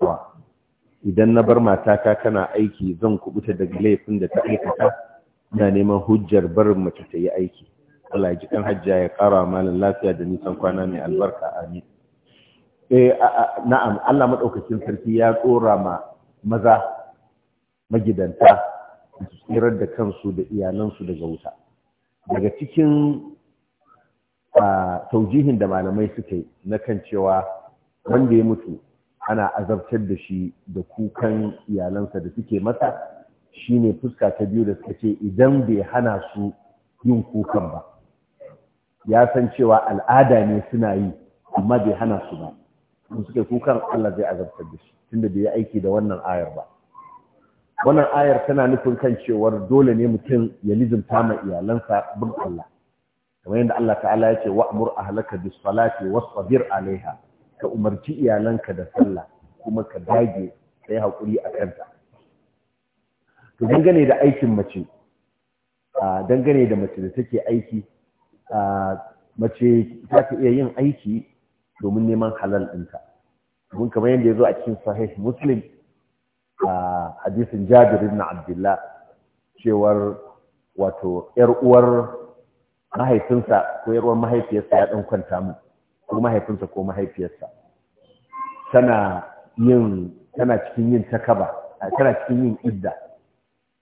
wa idan na bar matata tana aiki zan kubuta daga laifin da ta aikata ina neman hujjar barin mace ta yi aiki Allah ji kan hajja ya kara malam lafiya da nisan kwana mai albarka amin eh na'am Allah madaukakin sarki ya tsora ma maza magidanta su tsirar da kansu da iyalansu daga wuta daga cikin a taujihin da malamai suke yi na kan cewa wanda ya mutu ana azabtar da shi da kukan iyalansa da suke mata ne fuska ta biyu da suka ce idan bai hana su yin kukan ba ya san cewa al'ada ne suna yi amma bai hana su ba in suke kukan Allah zai azabtar da shi tunda bai yi aiki da wannan ayar ba wannan ayar tana nufin kan cewar dole ne mutum ya lizimta ma iyalansa bin Allah kamar yadda Allah ta'ala ya ce wa'mur ahlaka bis salati wasbir alaiha ka umarci iyalanka da sallah kuma ka dage ka yi haƙuri a kanta to dangane da aikin mace dangane da mace da take aiki mace za ta iya yin aiki domin neman halal ɗinta domin kamar yadda ya zo a cikin sahih muslim a hadisin jabir ibn abdullah cewar wato yar uwar mahaifinsa ko yar uwar mahaifiyarsa ya ɗan kwanta mu ko mahaifinta, ko mahaifiyarsa tana yin tana cikin yin takaba tana cikin yin idda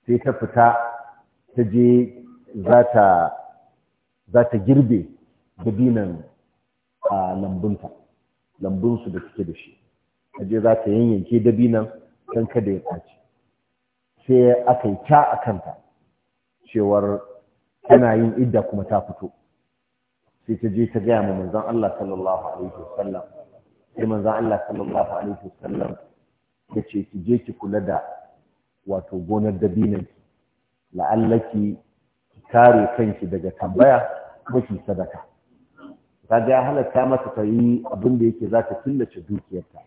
sai ta fita ta je za ta girbe dabinan a lambunta lambunsu da suke da shi ta je za ta yanyanke dabinan kan kada ya ɓaci sai aka yi ta a kanta cewar tana yin idda kuma ta fito sai ta je ta gaya ma manzon Allah sallallahu alaihi wasallam sai manzon Allah sallallahu alaihi wasallam ya ce ki je ki kula da wato gonar dabinan la'allaki ki kare kanki daga tambaya kuma ki sadaka ta ga halatta mata ta yi abin da yake za ta killace dukiyarta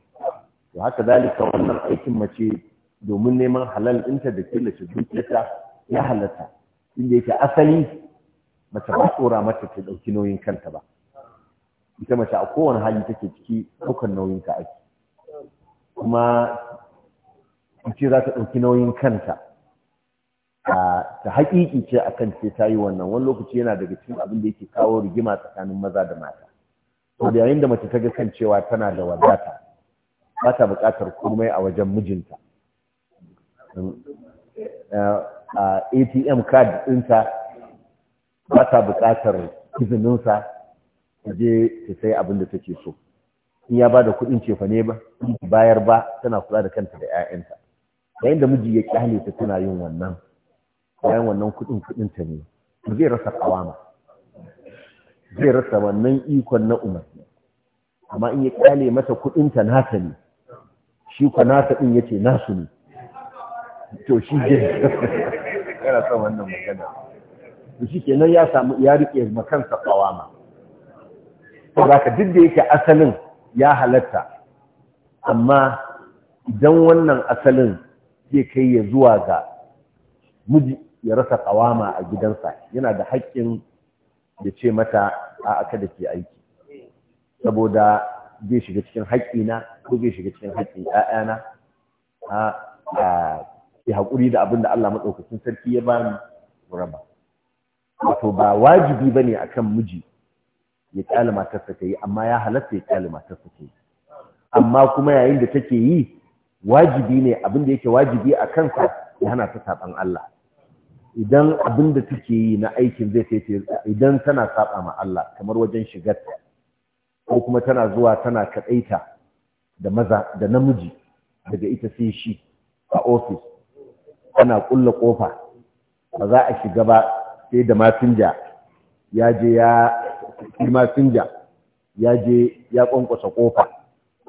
to haka zalika wannan aikin mace domin neman halal ɗinta da killace dukiyarta ya halatta inda yake asali mace ba tsora mata ta ɗauki nauyin kanta ba ita mace a kowane hali take ciki ɗaukar nauyin ka ake kuma ce za ta ɗauki nauyin kanta ta haƙiƙi ce a kan ce ta yi wannan wani lokaci yana daga cikin abin da yake kawo rigima tsakanin maza da mata to da yayin da mace ta ga kan cewa tana da wadata ba ta buƙatar komai a wajen mijinta A ATM card ɗinta ba ta buƙatar izininsa ta je ta sai abin da take so in ya ba da kuɗin cefa ne ba bayar ba tana kula da kanta da 'ya'yanta yayin da miji ya kyale ta tana yin wannan bayan wannan kuɗin kuɗin ta ne zai rasa kawama zai rasa wannan ikon na umarni amma in ya kyale mata kuɗin ta nasa ne shi kwa nasa ɗin yace nasu ne to shi je kana son wannan magana to shi kenan ya samu ya riƙe makansa tsawama to zaka duk da yake asalin ya halatta amma idan wannan asalin zai kai ya zuwa ga miji ya rasa tsawama a gidansa yana da haƙƙin da ce mata a aka da ke aiki saboda zai shiga cikin haƙƙina ko zai shiga cikin haƙƙin ‘ya'yana a ke haƙuri da abinda da Allah maɗaukacin sarki ya bani mu raba wato ba wajibi ba bane akan miji ya kyale matarsa ta yi amma ya halatta ya kyale matarsa ta yi amma kuma yayin da take yi wajibi ne abin da yake wajibi a kansa ya hana ta saban Allah idan abin da take yi na aikin zai yi idan tana saba ma Allah kamar wajen shigar, ko kuma tana zuwa tana kaɗaita da maza da namiji daga ita sai shi a ofis ana ƙulla ƙofa, ba za a shiga ba sai da masinja ya je ya masinja ya je ya kwankwasa kofa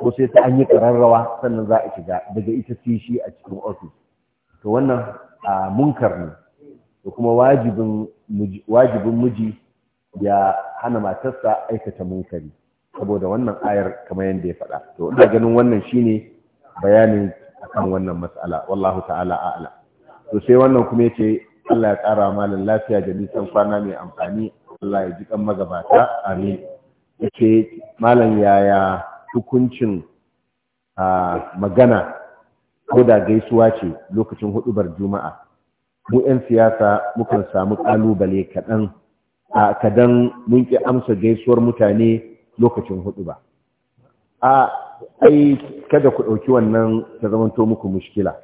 ko sai ta an yi kararrawa sannan za a shiga daga ita shi a cikin ofis to wannan a munkar ne da kuma wajibin miji ya hana matarsa aikata munkari saboda wannan ayar kamar yadda ya faɗa to ina ganin wannan shine bayanin akan wannan matsala wallahu ta'ala a'ala to sai wannan kuma yace Allah ya ƙara malam lafiya da nisan kwana mai amfani Allah ya ji kan magabata amin yake malam yaya hukuncin magana ko da gaisuwa ce lokacin hudubar juma'a mu 'yan siyasa mukan samu ƙalubale kaɗan a kadan mun ki amsa gaisuwar mutane lokacin huduba a ai kada ku ɗauki wannan ta zamanto muku mushkila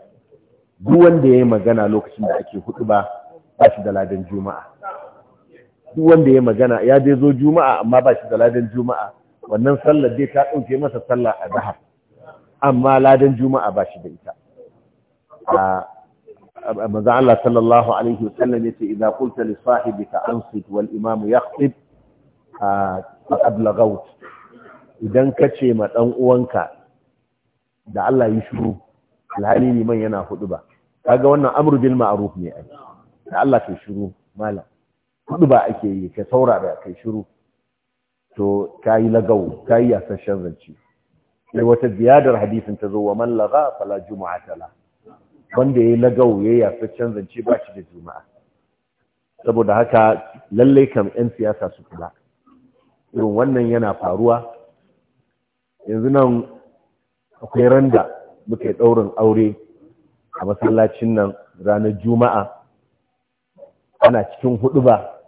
duk wanda ya yi magana lokacin da ake hudu ba ba shi da ladan juma'a duk wanda ya magana ya dai zo juma'a amma ba shi da ladan juma'a wannan sallar dai ta ɗauke masa sallar a zahar amma ladan juma'a ba shi da ita a maza Allah sallallahu alaihi wasallam yace idza qulta li sahibika ansit wal imam yaqtib a lagaut idan kace ma ɗan uwanka da Allah yi shiru alhali liman yana hudu ba kaga wannan amru bil ma'ruf ne ai da Allah ke shiru malam hudu ba ake yi ka da kai shiru to kai lagau ya san zance sai wata ziyadar hadisin ta zo wa man laga fala jumu'ata tala wanda yayi lagau yayi yasashen zance ba shi da juma'a saboda haka lalle kam yan siyasa su kula irin wannan yana faruwa yanzu nan akwai randa muka yi ɗaurin aure a masallacin nan ranar juma'a ana cikin hudu ba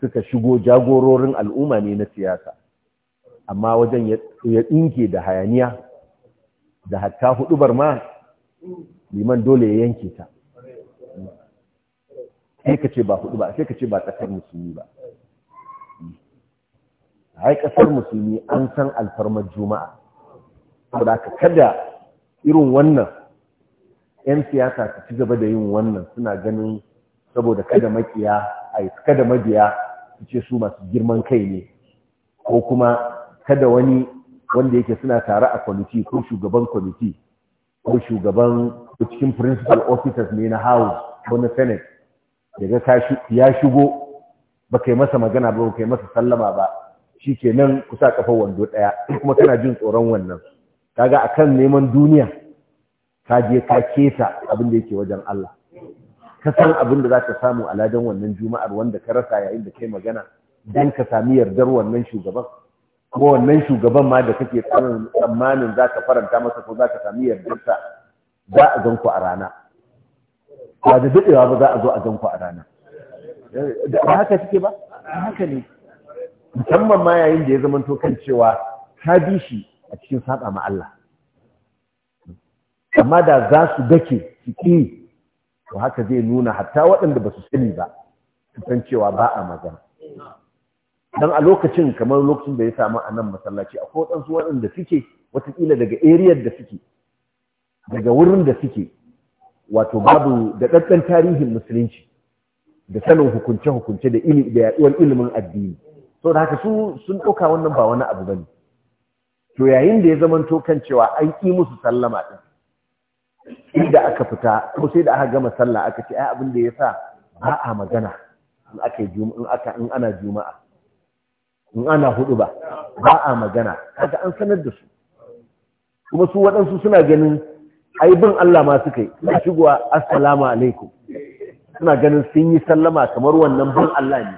suka shigo jagororin al'umma ne na siyasa amma wajen ya ɗinke da hayaniya da hatta bar ma liman dole ya yanke ta sai ka ce ba hudu ba sai ka ce ba ƙasar musulmi ba A yi ƙasar musulmi an san alfarmar juma'a saboda ka kada irin wannan 'yan siyasa su ci gaba da yin wannan suna ganin saboda kada makiya ai kada mabiya su ce su masu girman kai ne ko kuma kada wani wanda yake suna tare a kwamiti ko shugaban kwamiti ko shugaban cikin principal officers ne na house ko na senate daga ya shigo ba kai masa magana ba ba kai masa sallama ba shi kenan kusa kafa wando ɗaya kuma kana jin tsoron wannan kaga akan neman duniya ka je ka keta abin da yake wajen Allah ka san abin da zaka samu a ladan wannan juma'ar wanda ka rasa yayin da kai magana dan ka sami yardar wannan shugaban ko wannan shugaban ma da kake tsammanin zaka faranta masa ko zaka sami yardar sa, za a ganku a rana ba da daɗewa ba za a zo a ganku a rana Da haka kike ba haka ne musamman ma yayin da ya zama to kan cewa ka bi shi a cikin saba ma Allah amma da za su dake su ƙi to haka zai nuna hatta waɗanda ba su sani ba su san cewa ba a magana Don a lokacin kamar lokacin da ya samu a nan masallaci a kodansu waɗanda suke watakila daga eriyar da suke daga wurin da suke wato babu da ɗaɗɗan tarihin musulunci da sanin hukunce-hukunce da yaɗuwar ilimin addini so da haka su sun ɗauka wannan ba wani abu bane to yayin da ya zamanto kan cewa an yi musu sallama ɗin inda aka fita ko sai da aka gama sallah aka ce ai abin da ya sa ba a magana in aka in aka in ana juma'a in ana hudu ba ba a magana kaga an sanar da su kuma su waɗansu suna ganin ai bin Allah ma suka yi suna shigowa assalamu alaikum suna ganin sun yi sallama kamar wannan bin Allah ne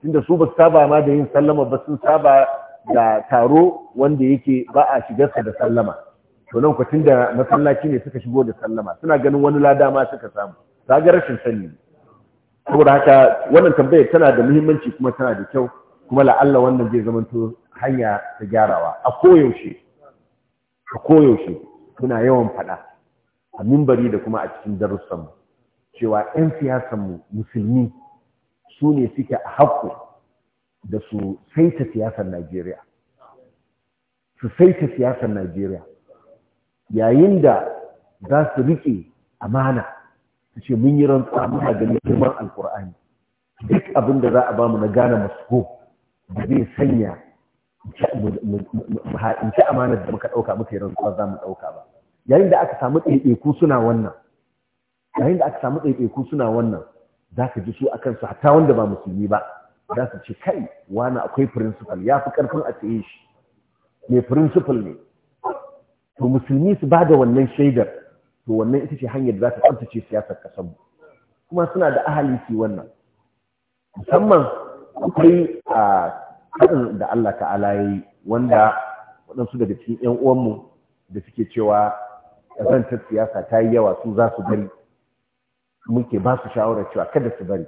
tunda su ba su saba ma da yin sallama ba sun saba da taro wanda yake ba a shigarsa da sallama to nan ku da masallaci ne suka shigo da sallama suna ganin wani lada ma suka samu ga rashin sani saboda haka wannan tambayar tana da muhimmanci kuma tana da kyau kuma la'alla wannan zai zamanto hanya ta gyarawa a koyaushe a koyaushe suna yawan faɗa a mimbari da kuma a cikin darussanmu cewa 'yan mu musulmi su ne suke a hakku da su saita siyasar Najeriya. Su saita siyasar Najeriya. Yayin da za su riƙe amana, su ce mun yi rantsuwa muna ganin girman Alƙur'ani. Duk abin da za a ba mu na gane masu da zai sanya in ci amana da muka ɗauka muka yi rantsuwa za mu ɗauka ba. Yayin da aka samu ɗaiɗaiku suna wannan, yayin da aka samu ɗaiɗaiku suna wannan, za ka ji su a kansu hatta wanda ba musulmi ba, za su ce kai wani akwai principal ya fi karfin a tsaye shi mai principal ne to musulmi su ba da wannan shaidar to wannan ita ce hanyar da za ta tsabtace siyasar kasar mu kuma suna da ahali su wannan musamman akwai a haɗin da Allah ta'ala ya wanda waɗansu daga cikin 'yan uwanmu da suke cewa ƙazantar siyasa ta yi yawa su za su bari muke ba su shawarar cewa kada su bari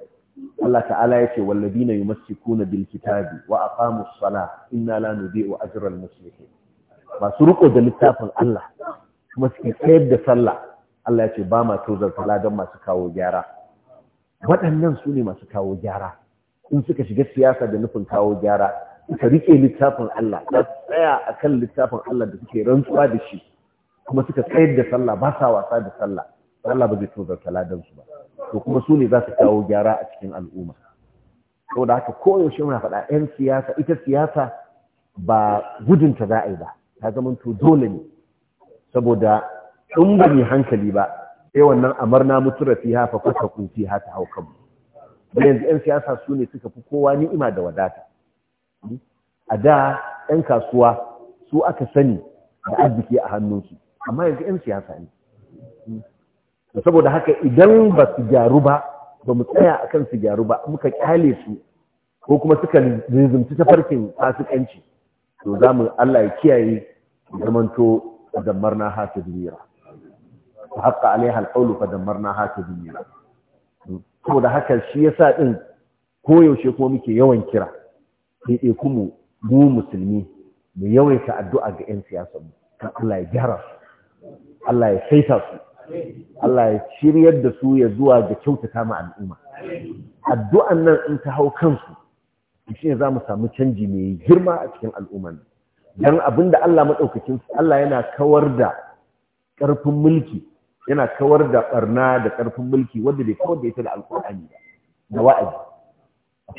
Allah ta'ala ya ce wallazina yumassikuna bil kitabi wa aqamus sala inna la nudhi'u ajra al muslimin masu riko da littafin Allah kuma suke tsayar da sallah Allah ya ce ba ma tozar sala don masu kawo gyara waɗannan su ne masu kawo gyara in suka shiga siyasa da nufin kawo gyara suka rike littafin Allah za su tsaya akan littafin Allah da suke rantsuwa da shi kuma suka tsayar da sallah ba sa wasa da sallah Allah ba zai tozar sala don su ba to kuma su ne za su kawo gyara a cikin al'umma sau da haka koyaushe muna faɗa 'yan siyasa ita siyasa ba gudunta za a yi ba ta zama to dole ne saboda in ba mai hankali ba sai wannan amarna mutura fi hafa fasa kufi hata hau kanmu yanzu 'yan siyasa su ne suka fi kowa ni'ima da wadata a da 'yan kasuwa su aka sani da arziki a hannunsu amma yanzu 'yan siyasa ne saboda haka idan ba su gyaru ba ba mu tsaya a kan su gyaru ba muka kyale su ko kuma suka rizumci ta farkin fasikanci to za mu Allah ya kiyaye zamanto a dammarna na haka duniya ta haƙa alaiha alƙaulu fa damar na haka duniya saboda haka shi ya sa ɗin koyaushe kuma muke yawan kira sai dai kuma mu musulmi mu yawaita addu'a ga 'yan siyasa mu kan Allah ya gyara su Allah ya saita su Allah ya shiryar da su ya zuwa ga kyautata ma al'umma addu'an nan in ta hau kansu shi ne za mu samu canji mai girma a cikin al'umman don abin da Allah maɗaukakin Allah yana kawar da ƙarfin mulki yana kawar da ɓarna da ƙarfin mulki wanda bai kawar da ita da alƙur'ani da wa'azi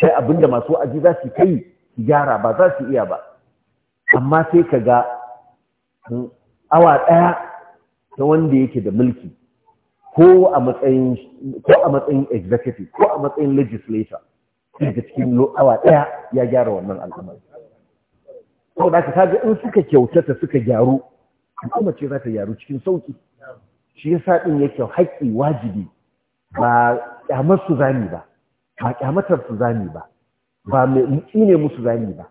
sai abin da masu wa'azi za su kai su gyara ba za su iya ba amma sai ka ga hmm, awa ɗaya ta wanda yake da mulki ko a matsayin ko a matsayin executive ko a matsayin legislator da cikin awa daya ya gyara wannan al'amari Sau da ka ga in suka kyautata suka gyaru al'umma ce za ta gyaru cikin sauki shi ya yasa ya yake haƙƙi wajibi ba ƙyamar su zani ba ba ƙyamatar su zani ba ba mai ne musu zami ba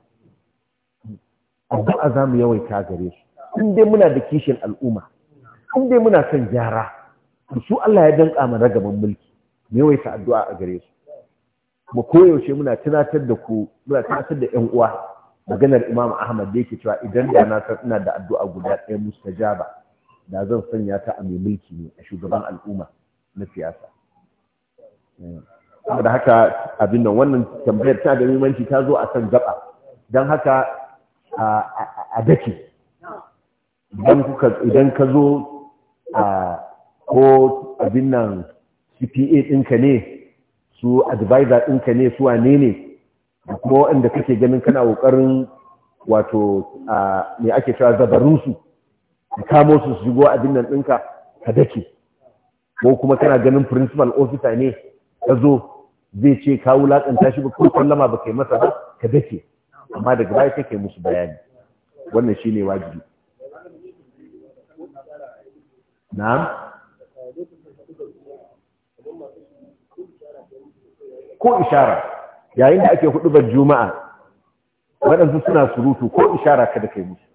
addu'a za mu yawaita gare su in dai muna da kishin al'umma in dai muna son gyara su Allah ya danƙa mana gaban mulki me yawaita addu'a a gare su mu koyaushe muna tunatar da ku muna tunatar da ƴan uwa maganar Imam Ahmad da yake cewa idan da na san ina da addu'a guda ɗaya mustajaba da zan sanya ta a mai mulki ne a shugaban al'umma na siyasa saboda haka abin nan wannan tambayar ta da muhimmanci ta zo a kan gaba don haka a dake idan ka zo a ko abin nan cpa ɗinka ne su advisor ɗinka ne su wane ne da kuma waɗanda kake ganin kana ƙoƙarin wato me ake cewa su ka kamo su su shigo abin nan ɗinka ka dake ko kuma kana ganin principal officer ne ka zo zai ce ka wulaƙanta shi ba ko sallama ba kai masa ba ka dake amma daga baya kake musu bayani wannan shine wajibi na'am ko ishara yayin da ake hudubar juma'a waɗansu suna surutu ko ishara kada kai musu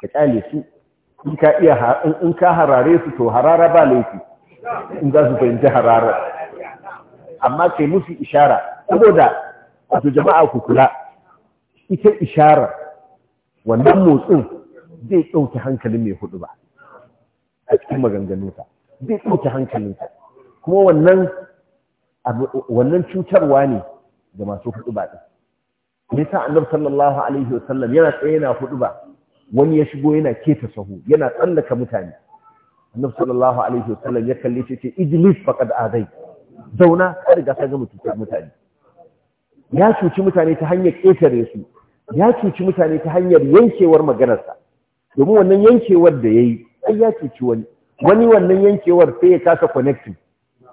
ka kyale su in ka iya in ka harare su to harara ba laifi in za su fahimci harara amma kai musu ishara saboda wato jama'a ku kula ita ishara wannan motsin zai ɗauki hankalin mai hudu ba a cikin maganganunsa zai ɗauki hankalinsa kuma wannan cutarwa ne ga masu hudu ba ɗin nisa annabi sallallahu alaihi wasallam yana tsaye yana hudu ba wani ya shigo yana keta sahu yana tsallaka mutane annabi sallallahu alaihi wasallam ya kalli shi ce ijlis faqad azai zauna ka riga ka gama cutar mutane ya cuci mutane ta hanyar ƙetare su ya cuci mutane ta hanyar yankewar maganarsa domin wannan yankewar da ya yi ai ya cuci wani wani wannan yankewar sai ya kasa connecting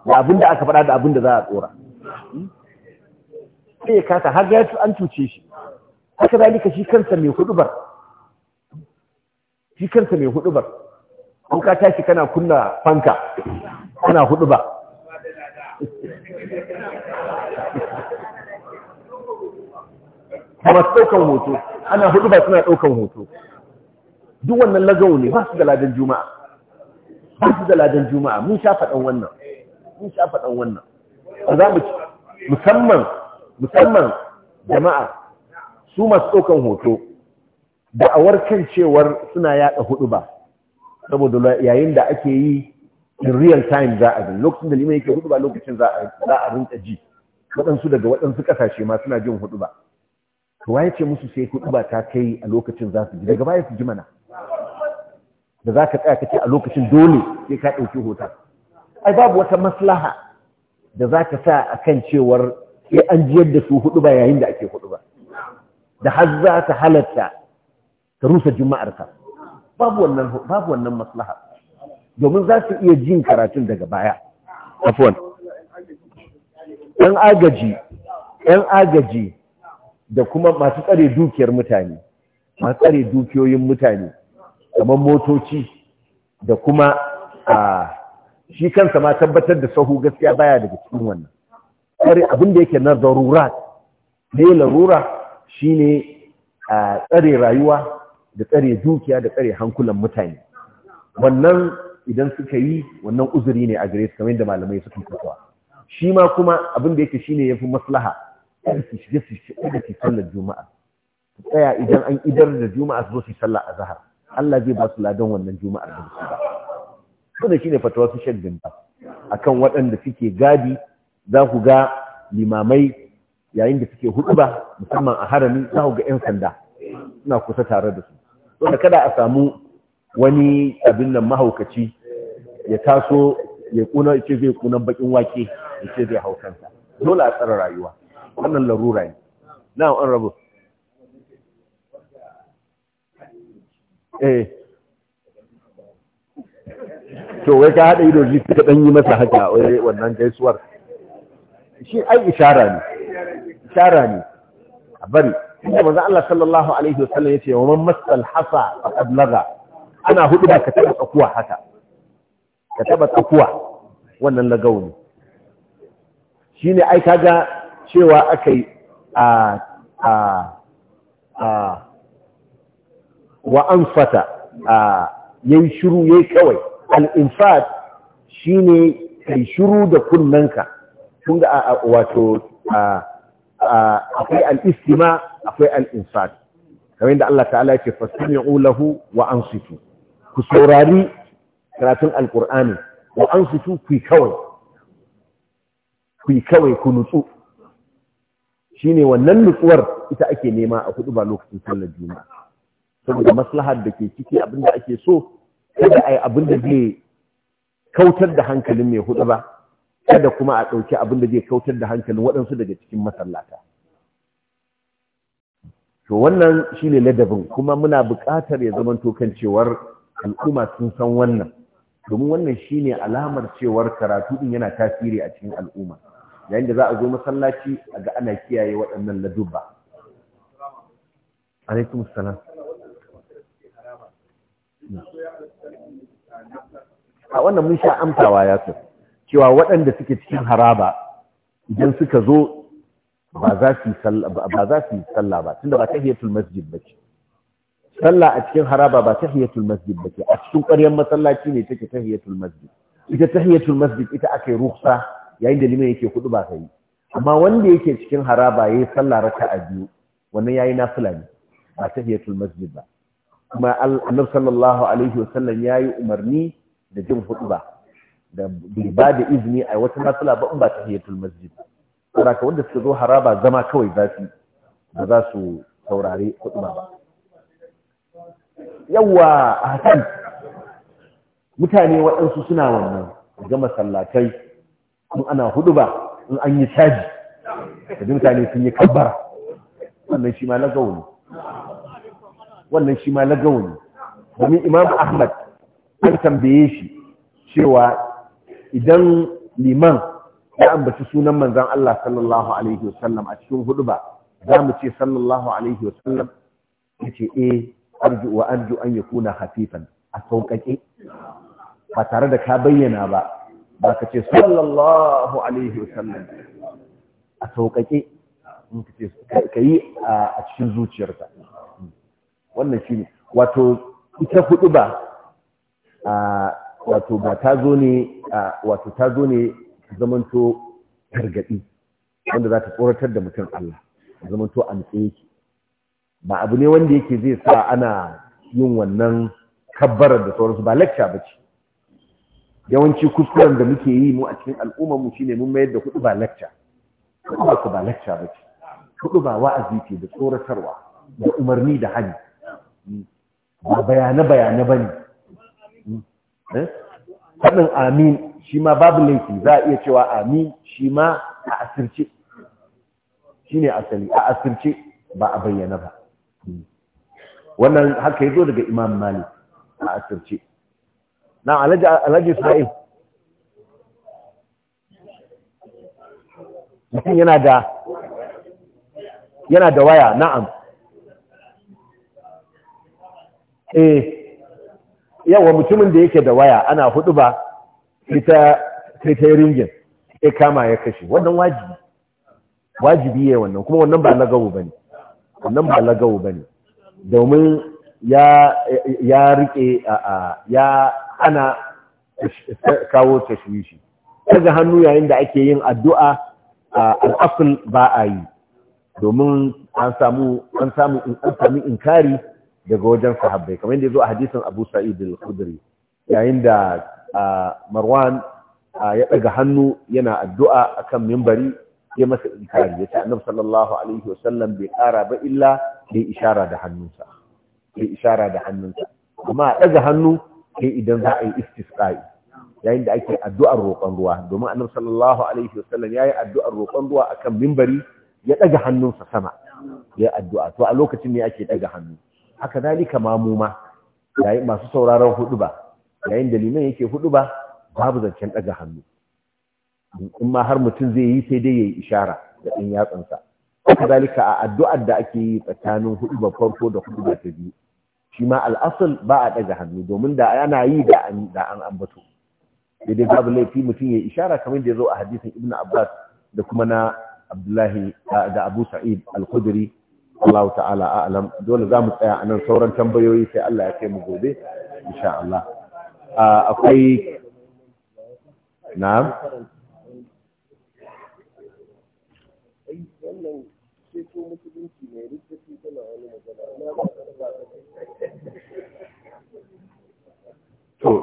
da abin da aka faɗa da abin da za a tsora sai ya kasa har ya an cuce shi haka lika shi kansa mai hudubar shi kansa mai hudubar an ka tashi kana kunna fanka kana hudubar kuma ɗaukan hoto ana ba suna ɗaukan hoto duk wannan lagawo ne ba su da ladan juma'a ba su da ladan juma'a mun sha faɗan wannan mun sha faɗan wannan a za mu ci musamman musamman jama'a su masu ɗaukan hoto da awar kan cewar suna yaɗa hudu ba saboda yayin da ake yi in real time za a lokacin da liman yake hudu ba lokacin za a rinta ji waɗansu daga waɗansu ƙasashe ma suna jin hudu ba to waye ce musu sai hudu ba ta kai a lokacin za su ji daga baya su ji mana da za ka tsaya ka ce a lokacin dole sai ka ɗauki hoton ai babu wata maslaha da za ka sa a kan cewar sai an jiyar da su huɗu ba yayin da ake huɗu ba da har za ka halatta ka rusa juma'arka babu wannan babu wannan maslaha domin za su iya jin karatun daga baya afwan ɗan agaji ɗan agaji da kuma masu tsare dukiyar mutane masu tsare dukiyoyin mutane kamar motoci da kuma a shi kansa ma tabbatar da sahu gaskiya baya daga cikin wannan tsare abin da yake na zarura ne larura ne a tsare rayuwa da tsare dukiya da tsare hankulan mutane wannan idan suka yi wannan uzuri ne a gare su kamar yadda malamai suka kasuwa shi ma kuma abin da yake ya fi maslaha kada su shiga su shiga su sallar juma'a tsaya idan an idar da juma'a su zo su sallar zahar. Allah zai ba su ladan wannan juma'ar da su ba kuma shine fatawa su shaddin ba akan waɗanda suke gadi za ku ga limamai yayin da suke hudu ba musamman a harami za ku ga 'yan sanda suna kusa tare da su saboda kada a samu wani abin nan mahaukaci ya taso ya kuna ce zai kuna bakin wake ya ce zai hau kansa dole a tsara rayuwa wannan larura ne Na'am, an rabu eh to wai ka haɗa ido jiki ka ɗan yi masa haka wannan gaisuwar shi ai ishara ne ishara ne a bari inda maza Allah sallallahu alaihi wasallam ce wa man masal hasa a laga ana hudu ba ka taba tsakuwa haka ka taba tsakuwa wannan lagau ne ne ai kaga cewa aka a a a wa fata a yayi shiru yayi kawai al-infat shine kai shiru da kunnanka Tun da wato akwai al-istima akwai al-infat kamar yadda Allah ta'ala ke fastami'u ulahu wa ansitu ku saurari karatun alqur'ani wa ansitu ku kawai ku kawai ku nutsu shine wannan nutsuwar ita ake nema a kudu ba lokacin sallar juma'a saboda maslahar da ke ciki abin ake so kada a yi abinda zai kautar da hankalin mai hudu ba kada kuma a ɗauki abinda da zai kautar da hankalin waɗansu daga cikin masallata to wannan shine ladabin kuma muna buƙatar ya zama tokan cewar al'umma sun san wannan domin wannan shine alamar cewar karatu ɗin yana tasiri a cikin al'umma yayin da za a zo masallaci a ga ana kiyaye waɗannan ladubba alaikum salam a wannan mun sha amsawa ya su cewa waɗanda suke cikin haraba idan suka zo ba za su yi sallah ba tunda ba ta tahiyatul masjid ba ce sallah a cikin haraba ba ta tahiyatul masjid ba ce a cikin ƙwaryar masallaci ne take tahiyatul masjid ita ta tahiyatul masjid ita aka yi ruksa yayin da liman yake kudu ba ka yi amma wanda yake cikin haraba yayi sallah a biyu wannan ya yi nafula ne ba ta tahiyatul masjid ba kuma annabi sallallahu alaihi wasallam yayi umarni da jin huɗuba, da ba da izini a wata nafila ba in ba tahiyatul masjid ka wanda suka zo haraba zama kawai za su ba za su saurare hutuba ba yawa hasan mutane waɗansu suna wannan ga masallatai Kun ana huɗuba in an yi caji da mutane sun yi kabbara wannan shi ma na ne wannan shi ma lagawo ne domin imam ahmad an tambaye shi cewa idan liman ya ambaci sunan manzan Allah sallallahu alaihi wasallam a cikin hudu ba za mu ce sallallahu alaihi wasallam ya ce e arju wa arju an ya kuna hafifan a sauƙaƙe ba tare da ka bayyana ba ba ka ce sallallahu alaihi wasallam a sauƙaƙe ka yi a cikin zuciyarka wannan shi ne. wato ita hudu ba a wato ba ta zo ne wato ta zo ne zamanto gargadi wanda za ta tsoratar da mutum Allah zamanto a nutse yake ba abu ne wanda yake zai sa ana yin wannan kabbarar da sauransu ba lacca ba ce yawanci kuskuren da muke yi mu a cikin al'ummar mu shine mun mayar da hudu ba lacca. ba ba ba ce hudu ba wa'azi ce da tsoratarwa da umarni da hani ba bayane-bayane ba ne eh? faɗin amin shi ma babu laifi za a iya cewa amin shi ma a asirce shi ne asali a asirce ba a bayyana ba wannan haka ya zo daga imam mali a asirce na alhaji sa'i mutum yana da waya na'am eh yawa mutumin da yake da waya ana hudu ba ita sai ta ringin sai kama ya kashe wannan wajibi wajibi ne wannan kuma wannan ba lagawo bane wannan ba lagawo bane domin ya ya rike ya ana kawo tashwishi daga hannu yayin da ake yin addu'a al'afin ba a yi domin an samu an samu in kari. inkari daga wajen sahabbai kamar yadda ya zo a hadisin Abu Sa'id al-Khudri yayin da Marwan ya daga hannu yana addu'a akan mimbari ya masa inkari yace Annabi sallallahu alaihi wasallam bai kara ba illa bai ishara da hannunsa bai ishara da hannunsa amma a daga hannu sai idan za a yi istisqa'i yayin da ake addu'ar roƙon ruwa domin Annabi sallallahu alaihi wasallam yayi addu'ar roƙon ruwa akan mimbari ya daga hannunsa sama ya addu'a to a lokacin ne ake daga hannu haka zalika ma yayin masu sauraron hudu ba yayin da liman yake hudu ba babu zancen daga hannu in ma har mutum zai yi sai dai yayi ishara da ɗan yatsansa haka dalika a addu'ar da ake yi tsakanin hudu ba farko da hudu ba ta biyu shi ma al'asul ba a daga hannu domin da ana yi da an ambato dai babu laifi mutum yayi ishara kamar da ya zo a hadisin ibnu abbas da kuma na abdullahi da abu sa'id al-khudri Allah ta'ala a'lam dole za mu tsaya anan sauran tambayoyi sai Allah ya kai mu gobe insha Allah akwai na'am to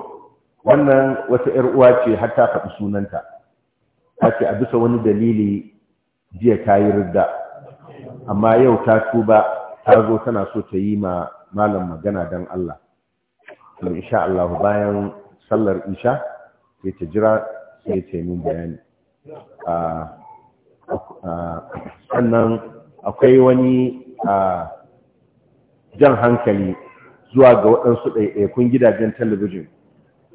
wannan wata ƴar uwa ce har ta faɗi sunanta ta a bisa wani dalili jiya ta yi ridda amma yau ta tuba ta zo tana so ta yi ma malam magana don Allah to insha Allah bayan sallar isha sai ta jira sai ta yi min bayani sannan akwai wani jan hankali zuwa ga waɗansu ɗaiɗaikun gidajen talabijin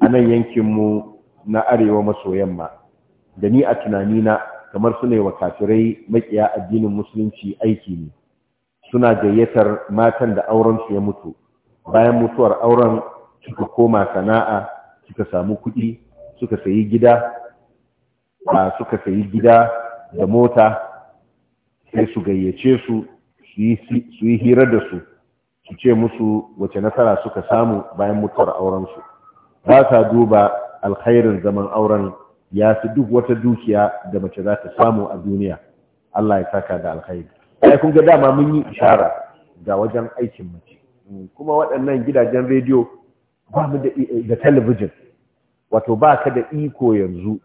a nan yankinmu na arewa maso yamma da ni a tunani na. kamar su ne wa kafirai makiya addinin musulunci aiki ne suna gayyatar matan da auren su ya mutu bayan mutuwar auren suka koma sana'a suka samu kuɗi suka sayi gida a suka sayi gida da mota sai su gayyace su su yi hira da su su ce musu wace nasara suka samu bayan mutuwar aurensu ba sa duba alkhairin zaman auren ya fi duk wata dukiya da mace za ta samu a duniya Allah ya saka da alkhairi sai kun ga dama mun yi ishara ga wajen aikin mace kuma waɗannan gidajen rediyo ba mu da da talabijin wato ba ka da iko yanzu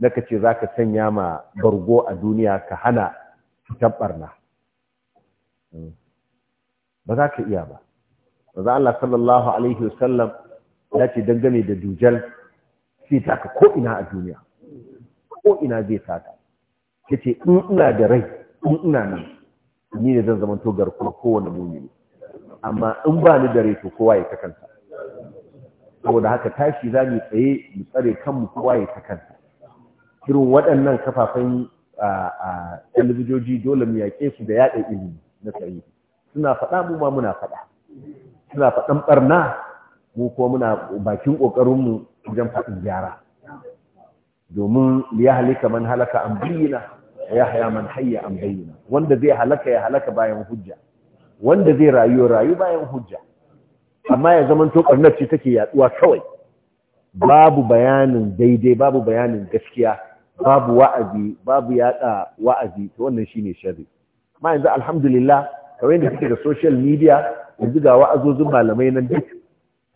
na ka ce za sanya ma bargo a duniya ka hana fitar barna ba za ka iya ba. Maza Allah sallallahu Alaihi wasallam ya ce dangane da dujal zai taka ko ina a duniya ko'ina zai taka yace in ina da rai in ina nan ni ne zan zama to wani kowane mumini amma in ba ni da rai to kowa ya ta kansa saboda haka tashi za mu tsaye mu tsare kanmu kowa ya ta irin waɗannan kafafen a talabijoji dole mu yaƙe su da yaɗa ilimi na sahihi suna faɗa mu ma muna faɗa suna faɗan ɓarna mu kuma muna bakin ƙoƙarinmu wajen faɗin gyara domin ya halika man halaka an bayyana ya haya man hayya an bayyana wanda zai halaka ya halaka bayan hujja wanda zai rayu rayu bayan hujja amma ya zaman to ce take yaduwa kawai babu bayanin daidai babu bayanin gaskiya babu wa'azi babu yada wa'azi to wannan shine sharri Amma yanzu alhamdulillah kawai da kike da social media yanzu ga wa'azozin malamai nan duk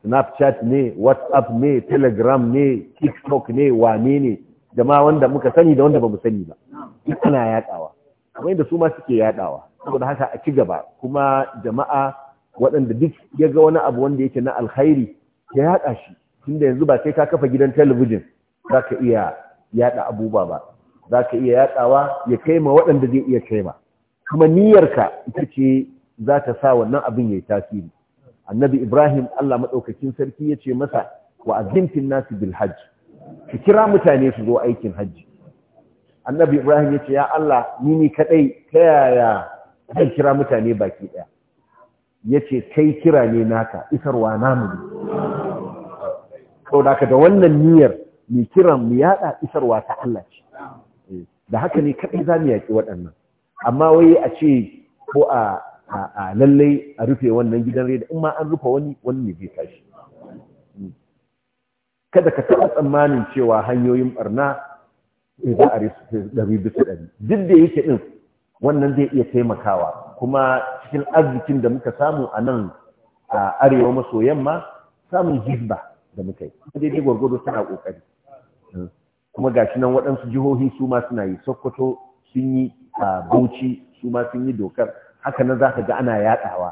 snapchat ne whatsapp ne telegram ne tiktok ne wane ne da wanda muka sani da wanda ba mu sani ba duk ana yadawa kamar yadda su ma suke yaɗawa. saboda haka a ci gaba kuma jama'a waɗanda duk ya ga wani abu wanda yake na alkhairi ya yada shi tunda yanzu ba sai ka kafa gidan talabijin za ka iya yada abubuwa ba za ka iya yadawa ya kai ma waɗanda zai iya kai ma kuma niyyarka ita ce za ta sa wannan abin ya yi tasiri annabi ibrahim allah maɗaukakin sarki ya ce masa wa azimtin nasu bil hajj ki kira mutane su zo aikin hajji annabi ibrahim ya ce ya allah ni ni kaɗai ta yaya zan kira mutane baki ɗaya ya ce kai kira ne naka isarwa namu ne sau da da wannan niyyar mai kiran mu yaɗa isarwa ta allah ce eh, da haka ne kaɗai za mu yaƙi waɗannan amma wai a ce ko a a lallai a rufe wannan gidan rediyo in ma an rufe wani wani ne zai tashi hmm. kada ka taɓa tsammanin cewa hanyoyin barna za a ɗari bisa ɗari duk da yake ɗin wannan zai iya taimakawa kuma cikin arzikin da muka samu a nan a arewa maso yamma samun hizba da muka yi daidai gwargwado suna ƙoƙari hmm. kuma ga shi nan waɗansu jihohi su ma suna yi sokoto sun yi a bauchi su ma sun yi dokar haka nan za ka ga ana yaɗawa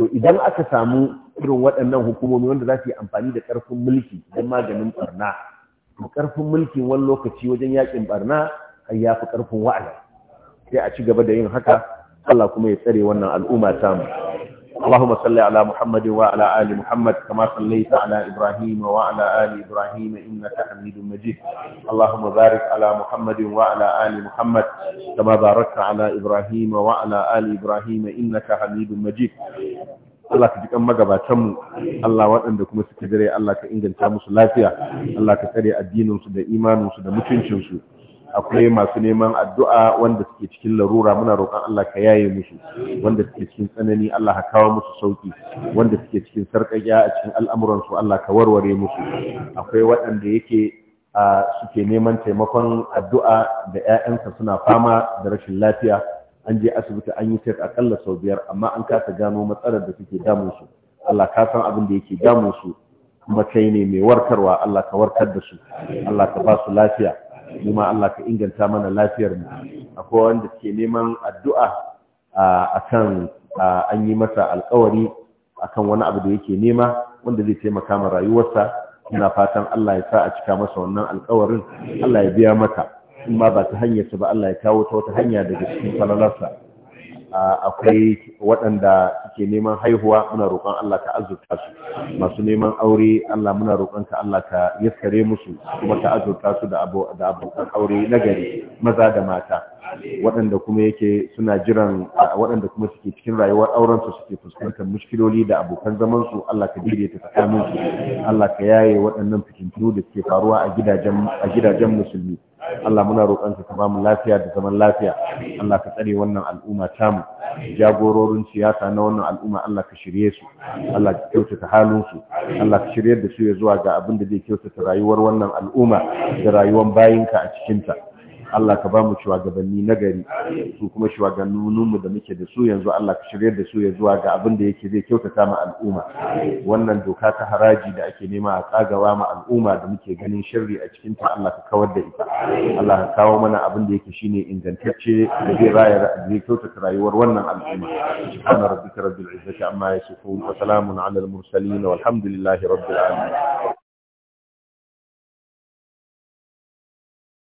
to idan aka samu irin waɗannan hukumomi wanda za su yi amfani da ƙarfin mulki don maganin ɓarna, to ƙarfin mulkin wani lokaci wajen yaƙin ɓarna, har ya fi ƙarfin wa'ala sai a ci gaba da yin haka Allah kuma ya tsare wannan al'umma tamu اللهم صل على محمد وعلى آل محمد كما صليت على إبراهيم وعلى آل إبراهيم إنك حميد مجيد اللهم بارك على محمد وعلى آل محمد كما باركت على إبراهيم وعلى آل إبراهيم إنك حميد مجيد Allah ka ji kan magabatanmu Allah waɗanda kuma suka dare Allah ka inganta musu lafiya Allah ka tsare addininsu da imaninsu da mutuncinsu akwai masu neman addu'a wanda suke cikin larura muna roƙon Allah ka yaye musu wanda suke cikin tsanani Allah ka kawo musu sauki wanda suke cikin sarƙaƙiya a cikin al'amuransu. Allah ka warware musu akwai waɗanda yake suke neman taimakon addu'a da 'ya'yansa suna fama da rashin lafiya an je asibiti an yi tek akalla sau biyar amma an kasa gano matsalar da suke damun su Allah ka san abin da yake damun su kuma kai ne mai warkarwa Allah ka warkar da su Allah ka ba su lafiya mu Allah ka inganta mana lafiyar mu akwai wanda ke neman addu'a akan an yi masa alkawari akan wani abu da yake nema wanda zai taimaka ma rayuwarsa ina fatan Allah ya sa a cika masa wannan alƙawarin. Allah ya biya mata in ma ba ta hanyarsa ba Allah ya kawo ta wata hanya daga cikin falalarsa akwai waɗanda ke neman haihuwa muna roƙon Allah ka azurta su masu neman aure Allah muna roƙon ka Allah ka yaskare musu kuma ka azurta su da abokan aure na gari maza da mata waɗanda kuma yake suna jiran waɗanda kuma suke cikin rayuwar auren su suke fuskantar mushkiloli da abokan zaman su Allah ka ta tsakanin su Allah ka yaye waɗannan fitintu da suke faruwa a gidajen a gidajen musulmi Allah muna roƙon ka bamu lafiya da zaman lafiya Allah ka tsare wannan al'umma tamu jagororin siyasa na wannan al'umma Allah ka shirye su Allah ka kyautata halin su Allah ka shirye da su ya zuwa ga abin da zai kyautata rayuwar wannan al'umma da rayuwar bayinka a cikinta Allah ka ba mu shugabanni na gari su kuma shugabanninmu da muke da su yanzu Allah ka shirya da su ya zuwa ga abin da yake zai kyautata ma al'umma wannan doka ta haraji da ake nema a tsagawa ma al'umma da muke ganin shirri a cikin ta Allah ka kawar da ita Allah ka kawo mana abin da yake shine ingantacce da zai raya zai kyautata rayuwar wannan al'umma subhana rabbika rabbil izzati amma yasifun wa salamun ala al mursalin walhamdulillahi rabbil alamin